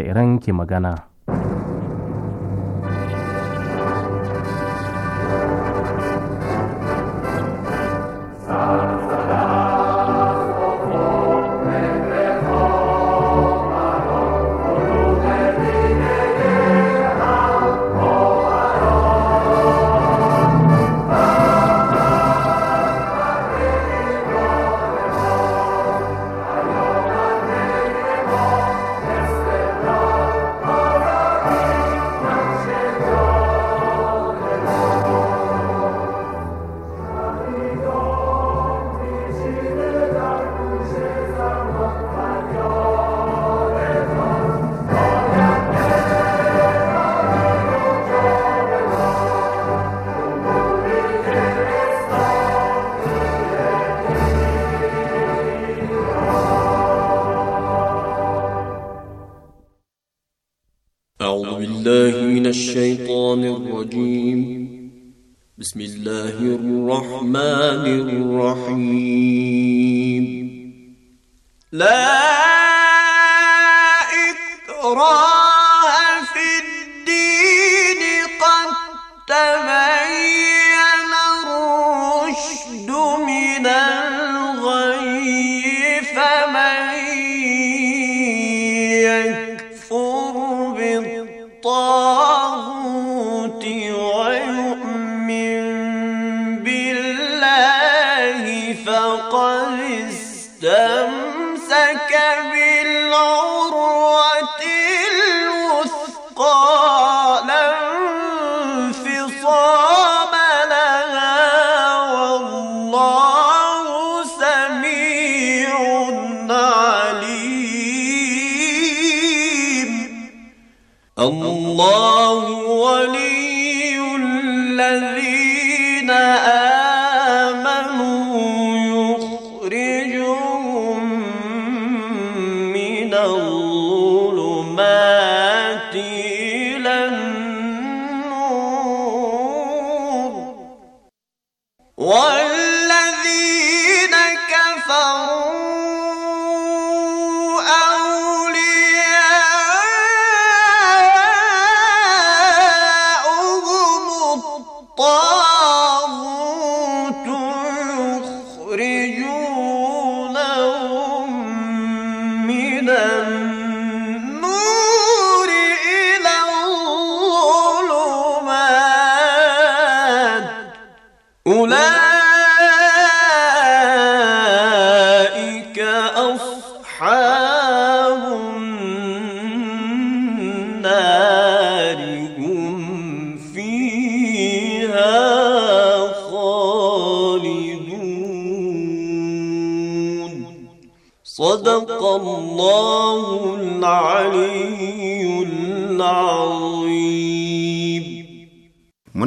da Iran ke magana. الله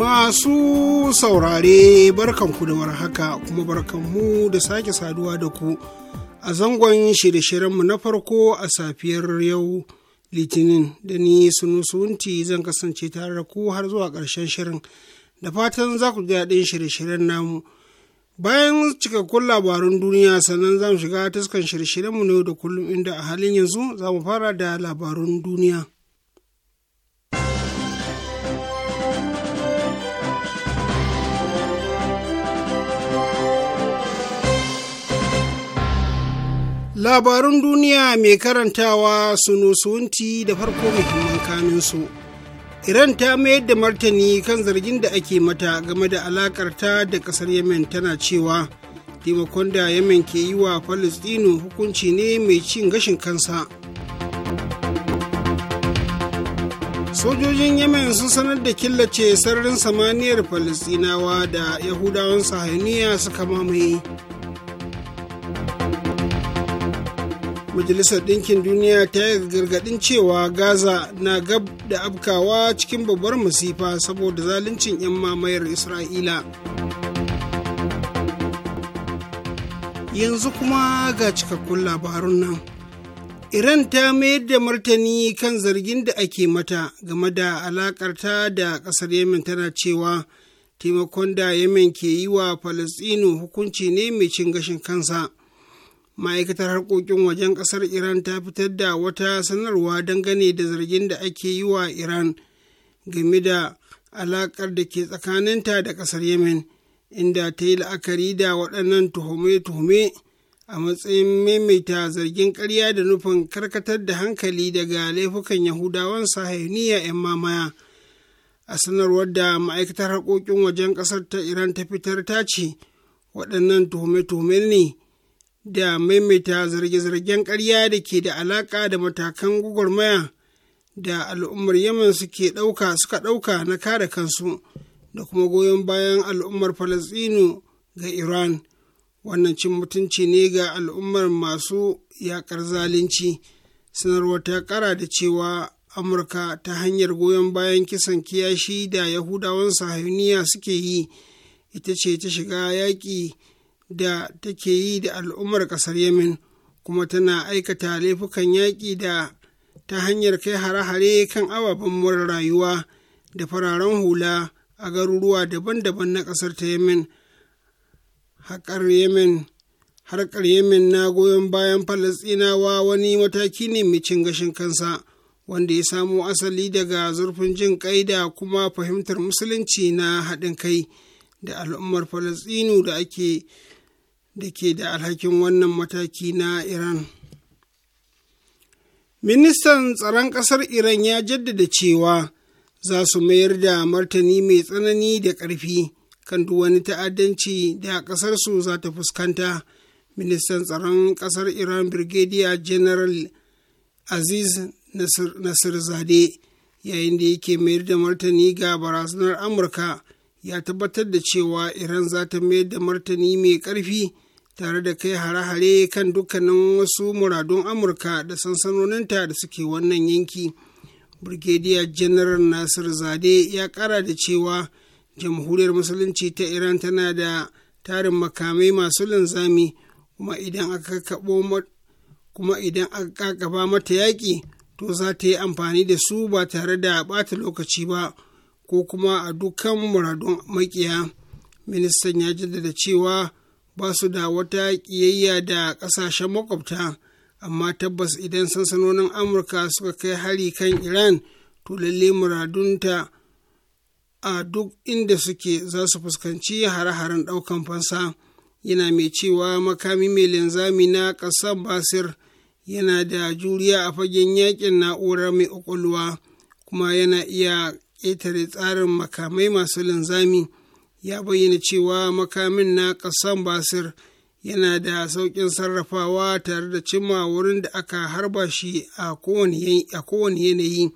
Masu saurare barkanku da war haka kuma barkanmu da sake saduwa da ku a zangon shirye-shiryenmu na farko a safiyar yau Litinin da ni sunusunti zan kasance tare da ku har zuwa ƙarshen shirin da fatan za ku daɗin shirye-shiryen namu. Bayan cikakkun labarun duniya sannan za mu shiga taskan shirye-shiryenmu na yau da kullum inda a halin yanzu za mu fara da labarun duniya. Labarun duniya mai karantawa su suwunti da farko muhimman kaninsu. Iran ta mayar da martani kan zargin da ake mata game da alakarta da ƙasar Yemen tana cewa taimakon da Yemen ke yi wa Falistinu hukunci ne mai cin gashin kansa. Sojojin Yemen sun sanar da killace sararin samaniyar Falistinawa da Yahudawan sahaniya suka mamaye. majalisar ɗinkin duniya ta yi gargaɗin cewa gaza na gab da abkawa cikin babbar masifa saboda zaluncin 'yan mamayar isra'ila yanzu kuma ga cikakkun labarun nan iran ta mayar da martani kan zargin da ake mata game da alakarta da ƙasar yemen tana cewa taimakon da yemen ke yi wa falasɗinu hukunci ne mai cin gashin kansa ma'aikatar harkokin wajen ƙasar iran ta fitar da wata sanarwa dangane da zargin da ake yi wa iran game da alaƙar da ke tsakaninta da ƙasar yemen inda ta yi la'akari da waɗannan tuhume-tuhume a matsayin maimaita zargin ƙarya da nufin karkatar da hankali daga laifukan yahudawan sahiniya 'yan mamaya a sanarwar da ma'aikatar harkokin wajen ƙasar ta iran ta fitar ta ce waɗannan tuhume-tuhume ne da maimaita zarge-zargen ƙarya da ke da alaƙa da matakan gwagwarmaya da al'ummar Yemen suke ɗauka suka ɗauka na kare kansu da kuma goyon bayan al'ummar Falasɗinu ga Iran. Wannan cin mutunci ne ga al'ummar masu yaƙar zalunci. Sanarwar ta ƙara da cewa Amurka ta hanyar goyon bayan kisan kiyashi da Yahudawan sahuniya suke yi ita ce ta shiga yaƙi. da take yi da al'ummar ƙasar yamin kuma tana aikata laifukan yaƙi da ta hanyar kai hare-hare kan ababen murar rayuwa da fararen hula a garuruwa daban-daban na ƙasar ta yemen haƙar yemen harkar yemen na goyon bayan falasɗinawa wani mataki ne mai cin gashin kansa wanda ya samo asali daga zurfin jin kai da kuma fahimtar musulunci na haɗin kai da al'ummar falasɗinu da ake da ke da alhakin wannan mataki na Iran. Ministan tsaron ƙasar Iran ya jaddada cewa za su mayar da martani mai tsanani da ƙarfi kan duk wani ta'addanci da ƙasarsu za ta fuskanta. Ministan tsaron ƙasar Iran Brigadier General Aziz nasir zade yayin da yake mayar da martani ga barazanar Amurka. ya tabbatar da cewa Iran za ta mayar da martani mai ƙarfi tare da kai hare-hare kan dukkanin wasu muradun amurka da sansanoninta da suke wannan yanki brigadier general nasir zade ya kara da cewa jamhuriyar musulunci ta iran tana da tarin makamai masu linzami kuma idan aka kabo kuma idan aka kakaba mata yaƙi to za ta yi amfani da su ba tare da ɓata lokaci ba ko kuma a dukkan muradun makiya ministan ya jaddada cewa ba su da wata ƙiyayya da ƙasashen makwabta amma tabbas idan sansanonin amurka suka kai hari kan iran to lalle muradunta a duk inda suke za su fuskanci hare-haren ɗaukan fansa yana mai cewa makami mai linzami na ƙasar basir yana da juriya a fagen yakin na'urar mai ƙwaƙwalwa kuma yana iya ƙetare tsarin makamai masu linzami. ya bayyana cewa makamin na ƙasan basir yana da sauƙin sarrafawa tare da cimma wurin da aka harba shi a kowane yanayi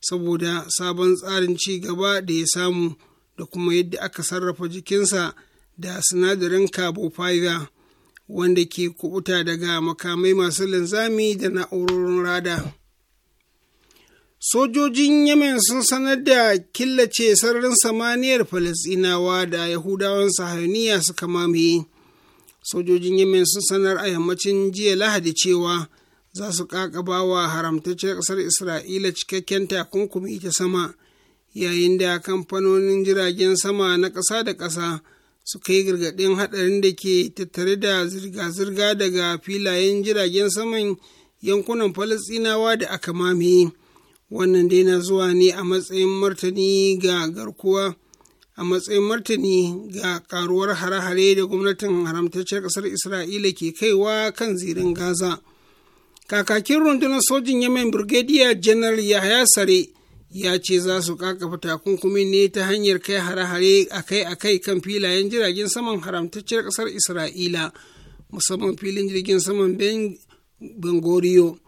saboda sabon tsarin ci gaba da ya samu da kuma yadda aka sarrafa jikinsa da sinadarin carbofiber wanda ke kubuta daga makamai masu linzami da na'urorin rada. Sojojin Yemen sun sanar da killace sararin samaniyar Falasinawa da Yahudawan Sahaniya suka mamaye. Sojojin Yemen sun sanar a yammacin jiya Lahadi cewa za su ƙaƙabawa haramtaccen ƙasar Isra'ila cikakken takunkumi ta sama, yayin da kamfanonin jiragen sama na ƙasa da ƙasa suka yi gargaɗin haɗarin da ke tattare da zirga-zirga daga filayen jiragen saman yankunan Falasinawa da aka mamaye. wannan dai na zuwa ne a matsayin martani ga garkuwa a matsayin martani ga karuwar hare-hare da gwamnatin haramtacciyar ƙasar isra'ila ke kaiwa kan zirin gaza kakakin rundunar sojin yemen brigadier Janar Yahya sare ya ce za su kakafa takunkumi ne ta hanyar kai hare-hare akai-akai kan filayen jiragen saman haramtacciyar ƙasar isra'ila musamman filin jirgin saman Ben bengoriyo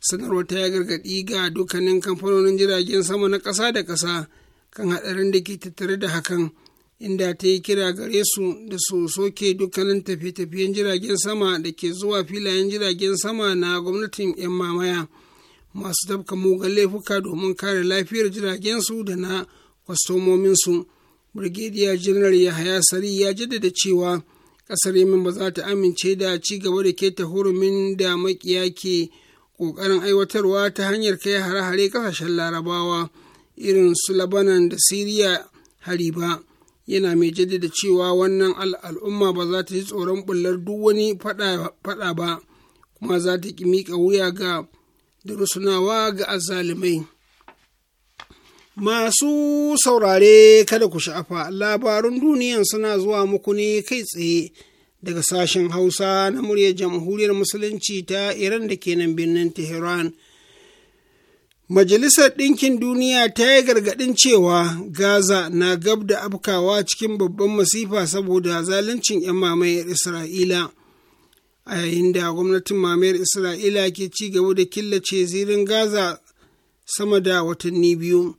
sanarwar ta ya gargaɗi ga dukkanin kamfanonin jiragen sama na ƙasa da ƙasa kan haɗarin da ke tattare da hakan inda ta yi kira gare su da su soke dukkanin tafiye-tafiyen jiragen sama da ke zuwa filayen jiragen sama na gwamnatin 'yan mamaya masu tafka mugan laifuka domin kare lafiyar jiragen su da na kwastomomin su brigadier general yahaya sari ya jaddada cewa ƙasar yemen ba za ta amince da ci gaba da keta hurumin da makiya ke ƙoƙarin aiwatarwa ta hanyar kai hare-hare ƙasashen larabawa irin su labanan da siriya hari ba yana mai jaddada cewa wannan al'umma ba za ta yi tsoron bullar duk wani faɗa ba kuma za ta ƙi miƙa wuya ga rusunawa ga azalimai. Masu saurare kada ku sha'afa labarun duniyan suna zuwa muku ne kai tsaye daga sashen hausa na muryar jamhuriyar musulunci ta iran da ke nan birnin tehran majalisar ɗinkin duniya ta yi gargaɗin cewa gaza na gab da afkawa cikin babban masifa saboda zaluncin 'yan mamayar isra'ila a yayin da gwamnatin mamayar isra'ila ke ci gaba da killace zirin gaza sama da watanni biyu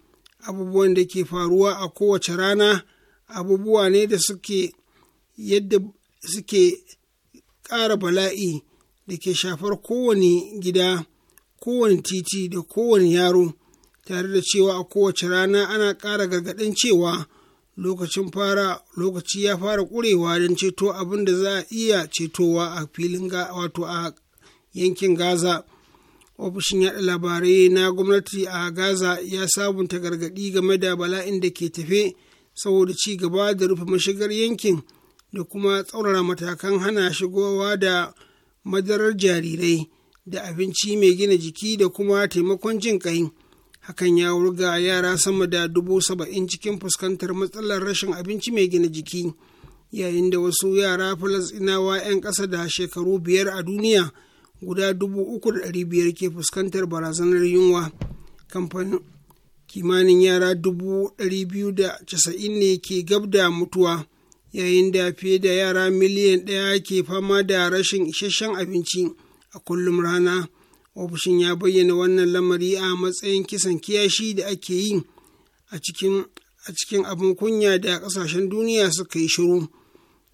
abubuwan da ke faruwa a kowace rana abubuwa ne da suke yadda suke ƙara bala'i da ke shafar kowane gida kowane titi da kowane yaro tare da cewa a kowace rana ana ƙara gargaɗin cewa lokacin fara lokaci ya fara ƙurewa don ceto abin da za a iya cetowa a filin wato a yankin gaza ofishin yaɗa labarai na gwamnati a gaza ya sabunta gargaɗi game da bala'in da ke tafe saboda ci gaba da rufe mashigar yankin da kuma tsaurara matakan hana shigowa da madarar jarirai da abinci mai gina jiki da kuma taimakon jin ƙai hakan ya wurga yara sama da dubu saba'in cikin fuskantar matsalar rashin abinci mai gina jiki yayin da wasu yara falasinawa 'yan ƙasa da shekaru biyar a duniya guda dubu uku da ɗari biyar ke fuskantar barazanar yunwa kamfanin kimanin yara dubu ɗari biyu da casa'in ne ke gab da mutuwa yayin da fiye da yara miliyan ɗaya ke fama da rashin isasshen abinci a kullum rana ofishin ya bayyana wannan lamari a matsayin kisan kiyashi da ake yi a cikin abin kunya da ƙasashen duniya suka yi shiru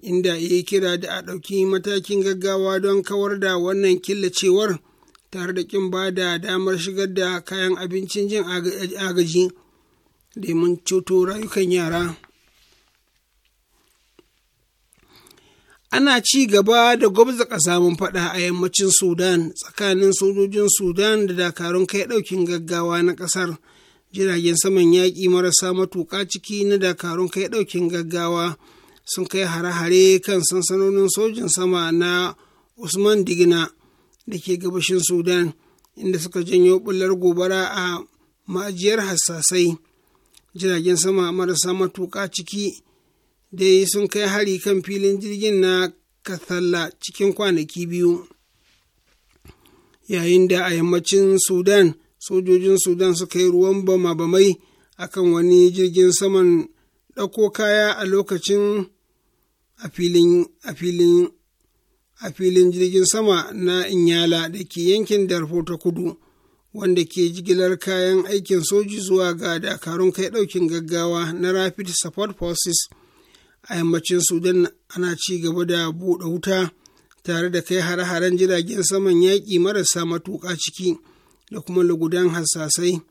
inda ya kira da a ɗauki matakin gaggawa don kawar da wannan killacewar tare da kin ba da damar shigar da kayan abincin jin agaji domin ceto rayukan yara. ana ci gaba da gwabza mun faɗa a yammacin sudan tsakanin sojojin sudan da dakarun kai ɗaukin gaggawa na ƙasar jiragen saman yaƙi marasa matuƙa ciki na dakarun kai ɗaukin gaggawa sun kai hare-hare kan sansanonin sojin sama na usman digna da ke gabashin sudan inda suka janyo ɓullar gobara a ma'ajiyar hassasai jiragen sama marasa matuƙa ciki dai sun kai hari kan filin jirgin na kathalla cikin kwanaki biyu yayin da a yammacin sudan sojojin sudan suka yi ruwan bama-bamai akan wani jirgin saman ɗauko kaya a lokacin a filin jirgin sama na inyala da ke yankin darfur ta kudu wanda ke jigilar kayan aikin soji zuwa ga dakarun kai ɗaukin gaggawa na rapid support forces a yammacin sudan ana ci gaba da buɗe wuta tare da kai hare-haren jiragen saman yaƙi marasa matuƙa ciki da kuma lugudan hassasai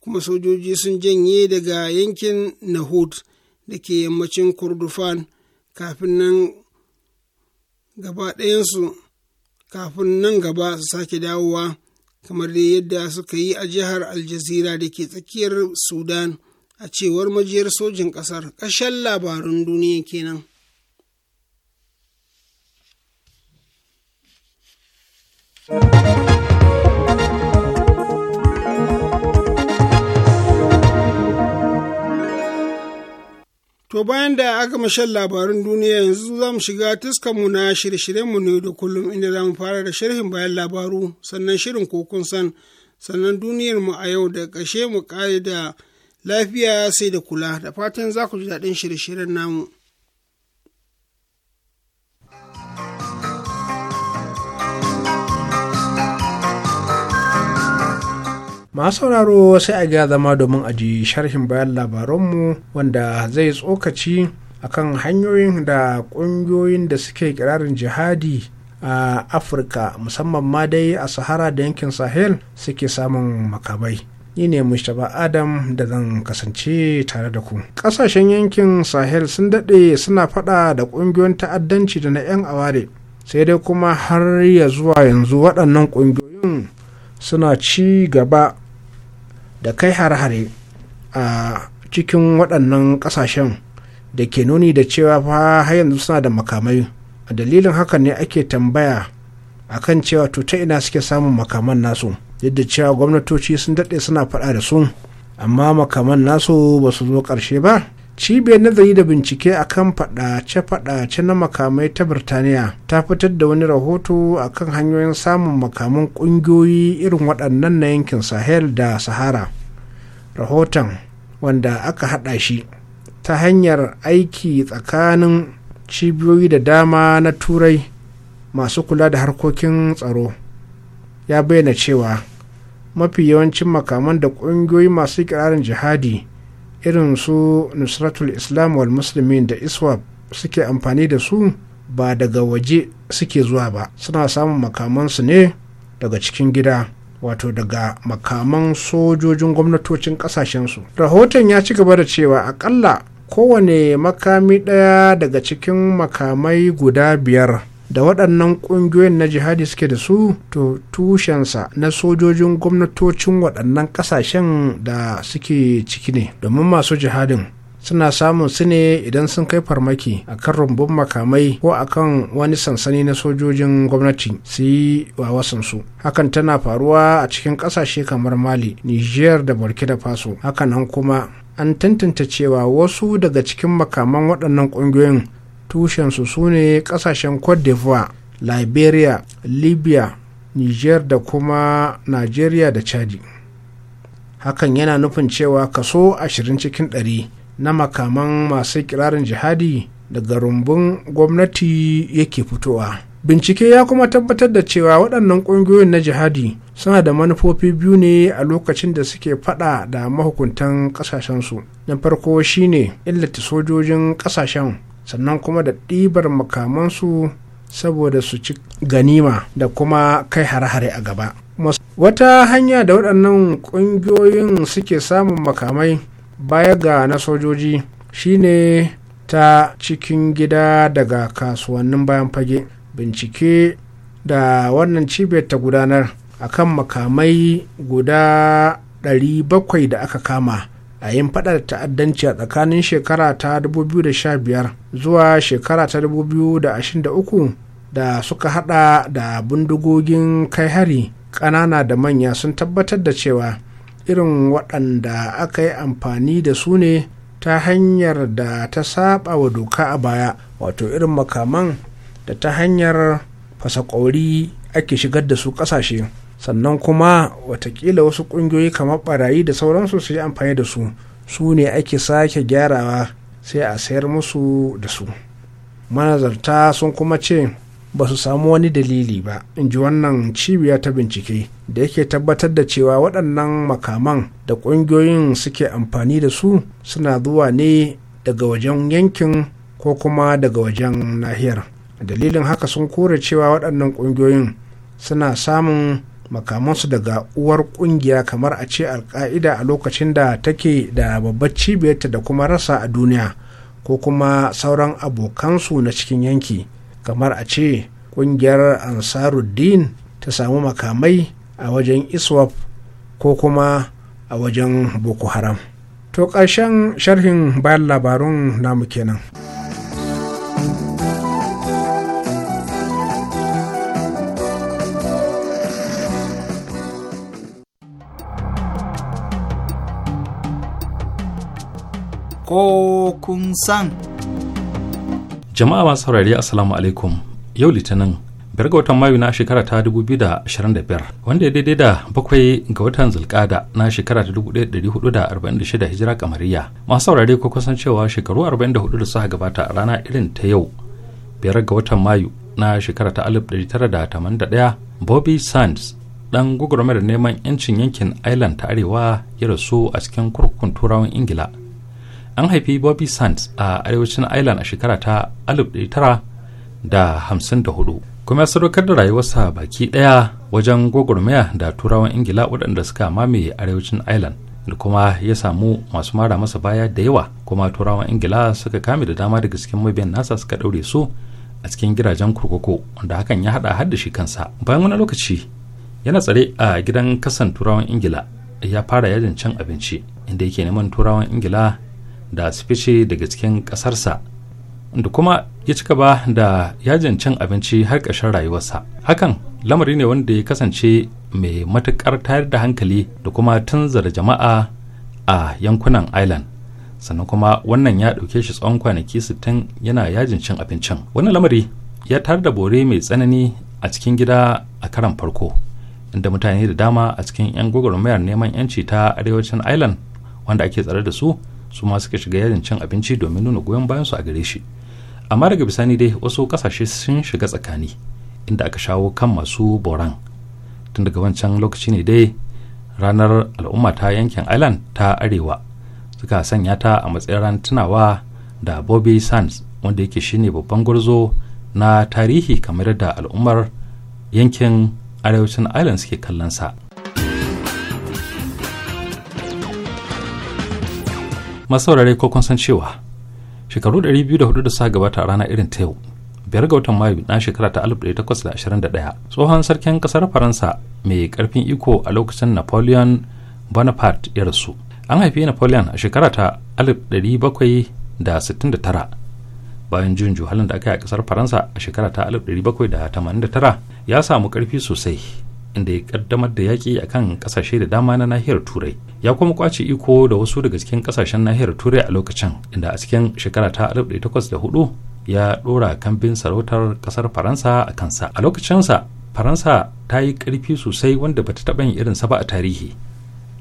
kuma sojoji sun janye daga yankin nahud da ke yammacin kurdufan kafin nan gaba ɗayansu kafin nan gaba su sake dawowa kamar dai yadda suka yi a jihar aljazira da ke tsakiyar sudan a cewar majiyar sojin ƙasar ƙashen labarun duniya kenan. To bayan da aka mashan labarun duniya yanzu za mu shiga mu na shirye-shiryenmu ne da kullum inda za mu fara da sharhin bayan labaru sannan shirin kokun san sannan duniyarmu a yau da kashe mu ƙa'ida da lafiya sai da kula da fatan za ku ji daɗin shirye-shiryen namu. masu sauraro sai a ga zama domin a ji sharhin bayan labaranmu wanda zai tsokaci a kan hanyoyin da ƙungiyoyin da suke kirarin jihadi a afirka musamman ma dai a sahara da yankin sahel suke samun makamai ni ne mustapha adam da zan kasance tare da ku ƙasashen yankin sahel sun daɗe suna faɗa da ƙungiyoyin ta'addanci da na 'yan aware sai dai kuma har ya zuwa yanzu waɗannan ƙungiyoyin suna ci gaba da kai har-hare a cikin waɗannan ƙasashen da ke nuni da cewa fa har yanzu suna da makamai a dalilin haka ne ake tambaya akan cewa to ta ina suke samun makaman nasu yadda cewa gwamnatoci sun daɗe suna faɗa da su amma makaman nasu ba su zo ƙarshe ba cibiyar nazari da bincike akan faɗace-faɗace na makamai ta birtaniya ta fitar da wani rahoto akan hanyoyin samun makaman ƙungiyoyi irin waɗannan na yankin sahel da sahara rahoton wanda aka haɗa shi ta hanyar aiki tsakanin cibiyoyi da dama na turai masu kula da harkokin tsaro ya bayyana cewa mafi yawancin makaman da ƙungiyoyi masu kirarin jihadi irin su nusratul islam wal muslimin da ISWAB suke amfani da su ba daga waje suke zuwa ba suna samun makamansu ne daga cikin gida wato daga makaman sojojin gwamnatocin kasashensu rahoton ya ci gaba da cewa akalla kowane makami ɗaya daga cikin makamai guda biyar da waɗannan ƙungiyoyin na jihadi suke da su to tushensa na sojojin gwamnatocin waɗannan ƙasashen da suke ciki ne domin masu jihadin suna samun su ne idan sun kai farmaki a kan rumbun makamai ko a kan wani sansani na sojojin gwamnati su yi wa wasansu hakan tana faruwa a cikin ƙasashe kamar mali niger da burkina faso hakanan kuma an tantance cewa wasu daga cikin makaman waɗannan ƙungiyoyin tushensu su ne kasashen cote d'ivoire liberia libya niger da kuma nigeria da chadi hakan yana nufin cewa kaso 20 cikin 100 na makaman masu kirarin jihadi daga rumbun gwamnati yake fitowa bincike ya kuma tabbatar da cewa waɗannan ƙungiyoyin na jihadi suna da manufofi biyu ne a lokacin da suke faɗa da mahukuntan ƙasashensu na farko shine illata sojojin ƙasashen sannan kuma da ɗibar makamansu saboda su ci ganima da kuma kai hare-hare a gaba wata hanya da waɗannan ƙungiyoyin suke samun makamai baya ga na sojoji shine ta cikin gida daga kasuwannin bayan fage bincike da wannan cibiyar ta gudanar a kan makamai guda 700 da aka kama a yin faɗar ta'addanci a tsakanin shekara ta 2015 zuwa shekara ta 2023 da suka hada da bindigogin kai hari ƙanana da manya sun tabbatar da cewa irin waɗanda aka yi amfani da su ne ta hanyar da ta saba wa doka a baya wato irin makaman da ta hanyar fasakori ake shigar da su ƙasashe. sannan kuma watakila wasu kungiyoyi kamar barayi da sauransu su yi amfani da su su ne ake sake gyarawa sai a sayar musu da su manazarta sun kuma ce ba su samu wani dalili ba in ji wannan cibiya ta bincike da yake tabbatar da cewa waɗannan makaman da ƙungiyoyin suke amfani da su suna zuwa ne daga wajen yankin ko kuma daga wajen nahiyar dalilin haka sun kore cewa waɗannan ƙungiyoyin suna samun makamansu daga uwar kungiya kamar a ce alka'ida a lokacin da take da babbar cibiyarta da kuma rasa a duniya ko kuma sauran abokansu na cikin yanki kamar a ce kungiyar ansaruddin ta samu makamai a wajen iswap ko kuma a wajen boko haram to ƙarshen sharhin bayan labarun namu kenan. ko kun san. Jama'a masu saurari Assalamu alaikum yau litinin biyar ga watan mayu na shekara ta 2025 wanda ya daidai da bakwai ga watan zulkada na shekara ta 1446 hijira kamariya masu saurari ko kusan cewa shekaru 44 da suka gabata a rana irin ta yau biyar ga watan mayu na shekara ta 1981 bobby sands dan gugurumar neman yancin yankin island ta arewa ya rasu a cikin kurkukun turawan ingila an haifi bobby sands a arewacin ireland a shekara ta 1954 kuma ya sadaukar da rayuwarsa baki daya wajen gwagwarmaya da turawan ingila waɗanda suka mamaye arewacin ireland da kuma ya samu masu mara masa baya da yawa kuma turawan ingila suka kame da dama daga cikin mabiyan nasa suka ɗaure su a cikin gidajen kurkuku wanda hakan ya haɗa har da shi kansa bayan wani lokaci yana tsare a gidan kasan turawan ingila ya fara yajin cin abinci inda yake neman turawan ingila da su fice daga cikin ƙasarsa da kuma ya cika ba da yajin cin abinci har ƙarshen rayuwarsa hakan lamari ne wanda ya kasance mai matuƙar tayar da hankali da kuma tunzara jama'a a yankunan island sannan kuma wannan ya ɗauke shi tsawon kwanaki 60 yana yajin cin abincin wannan lamari ya tayar da bore mai tsanani a cikin gida a karan farko inda mutane da dama a cikin 'yan gwagwarmayar neman 'yanci ta arewacin island wanda ake tsare da su su ma suka shiga yajin cin abinci domin nuna goyon bayan su a gare shi amma daga bisani dai wasu kasashe sun shiga tsakani inda aka shawo kan masu boran tun daga wancan lokaci ne dai ranar al'umma ta yankin island ta arewa suka sanya ta a matsayin ran tunawa da bobby sands wanda yake shine babban gwarzo na tarihi kamar da al'ummar yankin arewacin island suke kallon sa masaurare ko kun san cewa shekaru 204 da suka gabata a rana irin ta yau biyar ga watan mayu na shekara ta 1821 tsohon sarkin kasar faransa mai karfin iko a lokacin napoleon bonaparte ya rasu an haifi napoleon a shekara ta 1769 bayan juyin juhalin da aka yi a kasar faransa a shekara ta 1789 ya samu karfi sosai inda ya kaddamar da yaƙi a kan ƙasashe da dama na nahiyar turai ya kuma kwace iko da wasu daga cikin ƙasashen nahiyar turai a lokacin inda a cikin shekara ta da hudu ya ɗora kambin sarautar ƙasar faransa a kansa a lokacinsa faransa ta yi ƙarfi sosai wanda bata taɓa yin irinsa ba a tarihi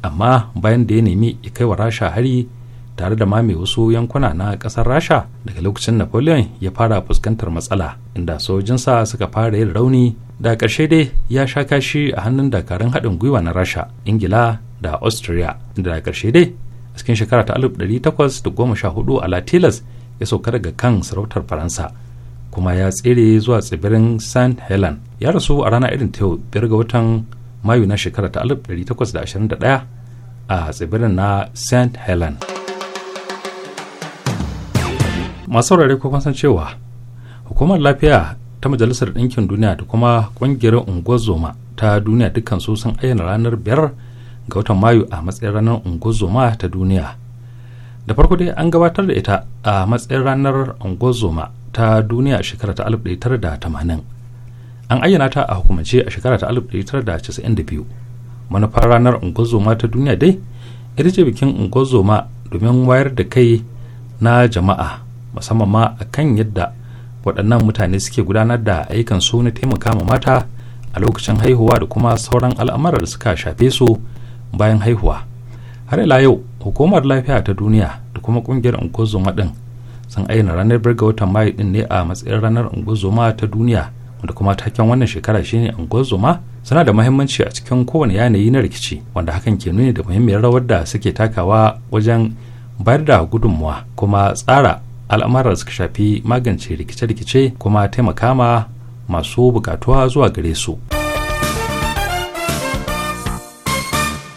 amma bayan da ya nemi ya kai wa rasha hari tare da mame wasu yankuna na kasar rasha daga lokacin napoleon ya fara fuskantar matsala inda sojinsa suka fara yin rauni da ƙarshe dai ya sha kashi a hannun dakarun haɗin gwiwa na rasha ingila da austria inda da ƙarshe dai a cikin shekara ta 1814 a latilas ya sauka daga kan sarautar faransa kuma ya tsere zuwa tsibirin st helen ya rasu a rana irin ta yau biyar ga watan mayu na shekara ta 1821 a tsibirin na st helen masu saurare kuma san cewa hukumar lafiya ta majalisar ɗinkin duniya da kuma ƙungiyar unguwar ta duniya dukkan su sun ayyana ranar biyar ga watan mayu a matsayin ranar unguwar ta duniya da farko dai an gabatar da ita a matsayin ranar unguwar ta duniya shekara ta 1980 an ayyana ta a hukumance a shekara ta 1992 manufar ranar unguwar ta duniya dai ita ce bikin unguwar domin wayar da kai na jama'a musamman ma a kan yadda waɗannan mutane suke gudanar da ayyukan su na taimaka ma mata a lokacin haihuwa da kuma sauran al'amuran da suka shafe su bayan haihuwa har ila yau hukumar lafiya ta duniya da kuma ƙungiyar ungozoma ɗin sun aina ranar birga watan mayu ɗin ne a matsayin ranar ungozoma ta duniya wanda kuma taken wannan shekara shine ungozoma suna da mahimmanci a cikin kowane yanayi na rikici wanda hakan ke nuni da muhimmiyar rawar da suke takawa wajen bayar da gudunmuwa kuma tsara al'amarar suka shafi magance rikice-rikice kuma taimaka ma masu bukatuwa zuwa gare su.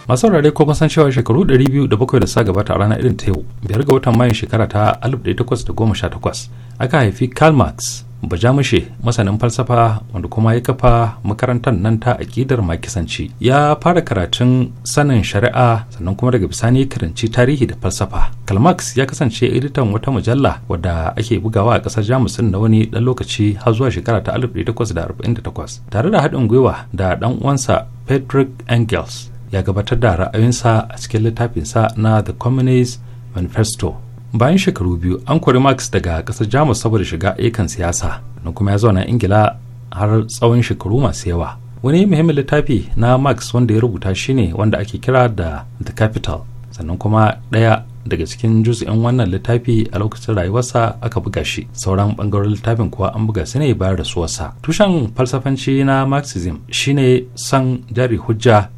masu saurare ko san cewa shekaru 207 da sa gabata a ranar irin ta yau biyar ga watan mayan shekara ta 1818 aka haifi karl marx bajamushe masanin falsafa wanda kuma ya kafa makarantar nan ta akidar makisanci ya fara karatun sanin shari'a sannan kuma daga bisani karanci tarihi da falsafa kalmax ya kasance editan wata mujalla wadda ake bugawa a kasar jamus na wani dan lokaci har zuwa shekara ta 1848 tare da haɗin gwiwa da dan uwansa frederick engels ya gabatar da ra'ayinsa a cikin littafinsa na the communist manifesto bayan shekaru biyu an kori marx daga kasar jamus saboda shiga ayyukan siyasa na kuma ya zauna ingila har tsawon shekaru masu yawa wani muhimmin littafi na marx wanda ya rubuta shine wanda ake kira da the capital sannan kuma ɗaya daga cikin juzu'in wannan littafi a lokacin rayuwarsa aka buga shi sauran bangarorin littafin kuwa an buga su ne bayan rasuwarsa tushen falsafanci na marxism shine son jari hujja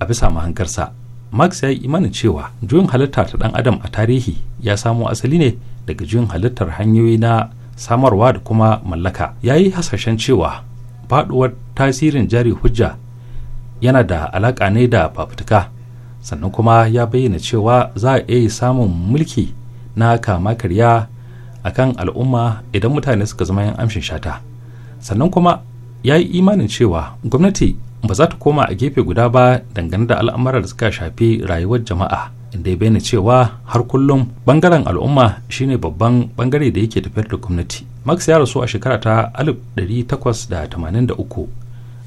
a bisa mahangarsa marx ya yi imanin cewa juyin halitta ta dan adam a tarihi ya samo asali ne daga jin halittar hanyoyi na samarwa da kuma mallaka ya yi hasashen cewa faduwar tasirin jari hujja yana da alaƙa ne da fafutuka sannan kuma ya bayyana cewa za a iya samun mulki na kama karya a kan al'umma idan mutane suka zama yan amshin shata sannan kuma ya yi imanin cewa gwamnati ba za ta koma a gefe guda ba dangane da al'amuran da suka shafi rayuwar jama'a inda ya bayyana cewa har kullum bangaren al'umma shine babban bangare da yake tafiyar da gwamnati max ya rasu a shekara ta 1883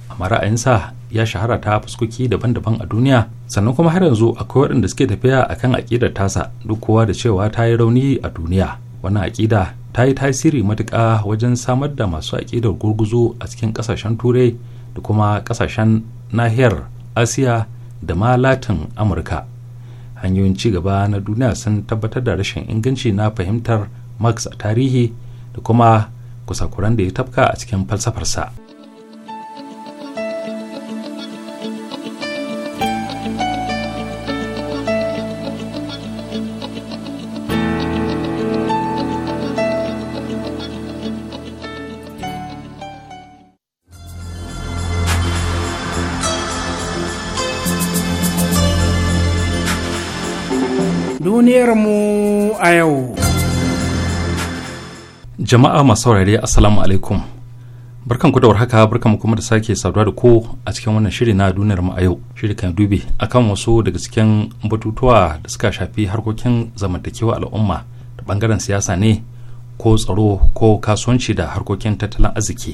amma ra'ayinsa ya shahara ta fuskoki daban-daban a duniya sannan kuma har yanzu akwai waɗanda suke tafiya akan aƙidar tasa duk kowa da cewa ta yi rauni a duniya wannan aƙida ta yi tasiri matuƙa wajen samar da masu aƙidar gurguzu a cikin ƙasashen turai da kuma ƙasashen nahiyar asiya da ma latin amurka hanyoyin ci gaba na duniya sun tabbatar da rashin inganci na fahimtar marx a tarihi da kuma kusakuran da ya tafka a cikin falsafarsa. Duniyarmu a yau. Jama'a masu saurare Assalamu alaikum. Barkan ku haka warhaka barkan kuma da sake saduwa da ku a cikin wannan shiri na duniyar mu a yau. Shiri kan dube akan wasu daga cikin batutuwa da suka shafi harkokin zamantakewa al'umma da bangaren siyasa ne ko tsaro ko kasuwanci da harkokin tattalin arziki.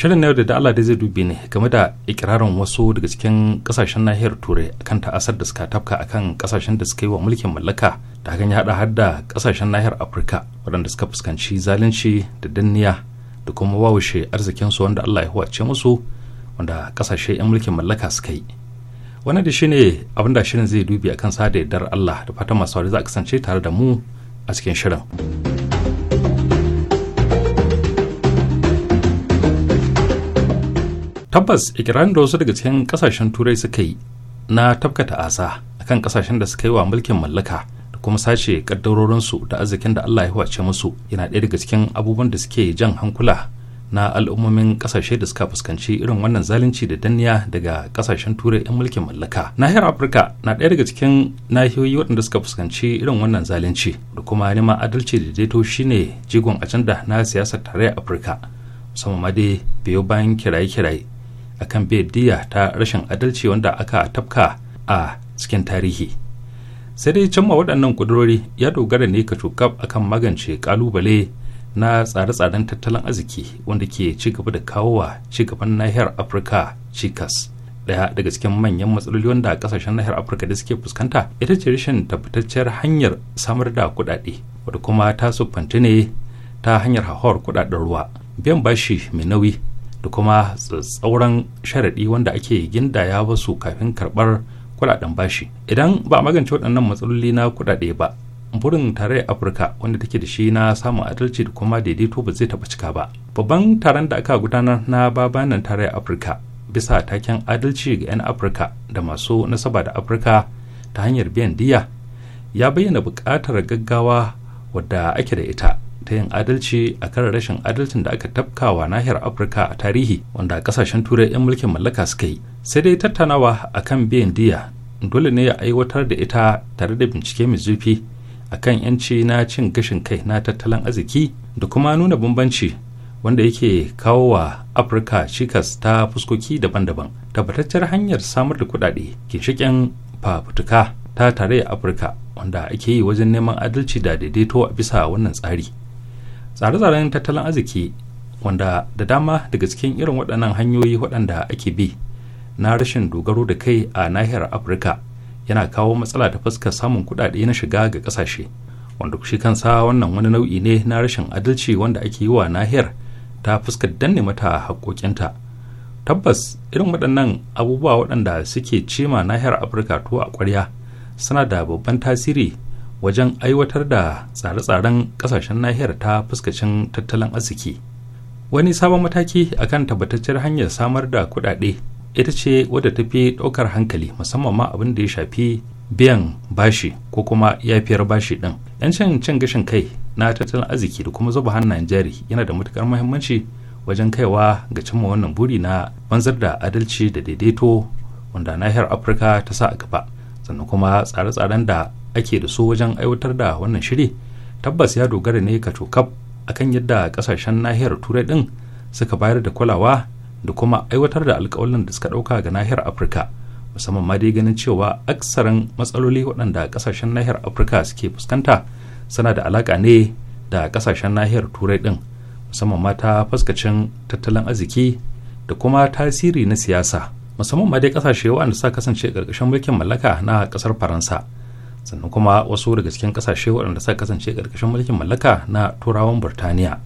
shirin na yau da Allah zai dube ne game da ikirarin wasu daga cikin kasashen nahiyar turai kan ta'asar da suka tafka akan kasashen da suka yi wa mulkin mallaka da hakan ya hada har da kasashen nahiyar afirka waɗanda suka fuskanci zalunci da danniya da kuma wawushe su wanda Allah ya huwace musu wanda kasashe 'yan mulkin mallaka suka yi wani da shine abin da shirin zai dubi akan sa da yardar Allah da fatan masu za a kasance tare da mu a cikin shirin. tabbas ikirarin da wasu daga cikin kasashen turai suka yi na tabkata asa akan kasashen da suka yi wa mulkin mallaka da kuma sace kaddarorinsu da arzikin da Allah ya wace musu yana ɗaya daga cikin abubuwan da suke jan hankula na al'ummomin kasashe da suka fuskanci irin wannan zalunci da danniya daga kasashen turai 'yan mulkin mallaka nahiyar afirka na ɗaya daga cikin nahiyoyi waɗanda suka fuskanci irin wannan zalunci da kuma neman adalci da daito shine jigon ajanda na siyasar tarayyar afirka musamman ma dai biyo bayan kiraye-kiraye akan bediya ta rashin adalci wanda aka tafka a cikin tarihi sai dai cimma waɗannan ƙudurori ya dogara ne ka kacokab akan magance ƙalubale na tsare-tsaren tattalin arziki wanda ke ci gaba da kawo wa ci gaban nahiyar afirka cikas daya daga cikin manyan matsaloli wanda ƙasashen nahiyar afirka da suke fuskanta ita ce rashin tabbatacciyar hanyar samar da kuɗaɗe wadda kuma ta siffanci ne ta hanyar hauhawar kuɗaɗen ruwa biyan bashi mai nauyi da kuma tsauran sharaɗi wanda ake gindaya wasu kafin karɓar kuɗaɗen bashi idan ba a magance waɗannan matsaloli na kuɗaɗe ba burin tarayyar afirka wanda take da shi na samun adalci da kuma daidaito ba zai taɓa cika ba babban taron da aka gudanar na babanan tarayyar afirka bisa taken adalci ga 'yan afirka da masu nasaba da afirka ta hanyar biyan diya ya bayyana buƙatar gaggawa wadda ake da ita ta yin adalci a kan rashin adalcin da aka wa nahiyar afirka a tarihi wanda kasashen turai 'yan mulkin mallaka suka yi sai dai tattaunawa a kan biyan diya dole ne ya aiwatar da ita tare da bincike mai zurfi a kan 'yanci na cin gashin kai na tattalin arziki da kuma nuna bambanci wanda yake kawo wa afirka cikas ta fuskoki daban-daban tabbataccen hanyar samar da kuɗaɗe ginshiƙin fafutuka ta tarayyar afirka wanda ake yi wajen neman adalci da daidaito a bisa wannan tsari tsare-tsaren tattalin arziki wanda da dama daga cikin irin waɗannan hanyoyi waɗanda ake bi na rashin dogaro da kai a nahiyar afirka yana kawo matsala ta fuskar samun kuɗaɗe na shiga ga ƙasashe wanda shi kansa wannan wani nau'i ne na rashin adalci wanda ake yi wa nahiyar ta fuskar danne mata haƙoƙinta tabbas irin waɗannan abubuwa waɗanda suke cema nahiyar afirka tuwo a ƙwarya suna da babban tasiri wajen aiwatar da tsare-tsaren kasashen nahiyar ta fuskacin tattalin arziki wani sabon mataki akan tabbataccen hanyar samar da kudade ita ce wadda ta fi ɗaukar hankali musamman ma abin da ya shafi biyan bashi ko kuma yafiyar bashi ɗin yancin cin gashin kai na tattalin arziki da kuma zuba hannayen jari yana da matukar muhimmanci wajen kaiwa ga cimma wannan buri na banzar da adalci da daidaito wanda nahiyar afirka ta sa a gaba sannan kuma tsare-tsaren da ake da su wajen aiwatar da wannan shiri tabbas ya dogara ne ka cokaf akan yadda kasashen nahiyar turai din suka bayar da kulawa da kuma aiwatar da alkawalin da suka dauka ga nahiyar afirka musamman ma dai ganin cewa aksarin matsaloli waɗanda kasashen nahiyar afirka suke fuskanta suna da alaka ne da kasashen nahiyar turai din musamman ma ta fuskacin tattalin arziki da kuma tasiri na siyasa musamman ma dai kasashe waɗanda suka kasance ƙarƙashin mulkin mallaka na ƙasar faransa sannan kuma wasu daga cikin kasashe waɗanda suka kasance ƙarƙashin mulkin mallaka na turawan burtaniya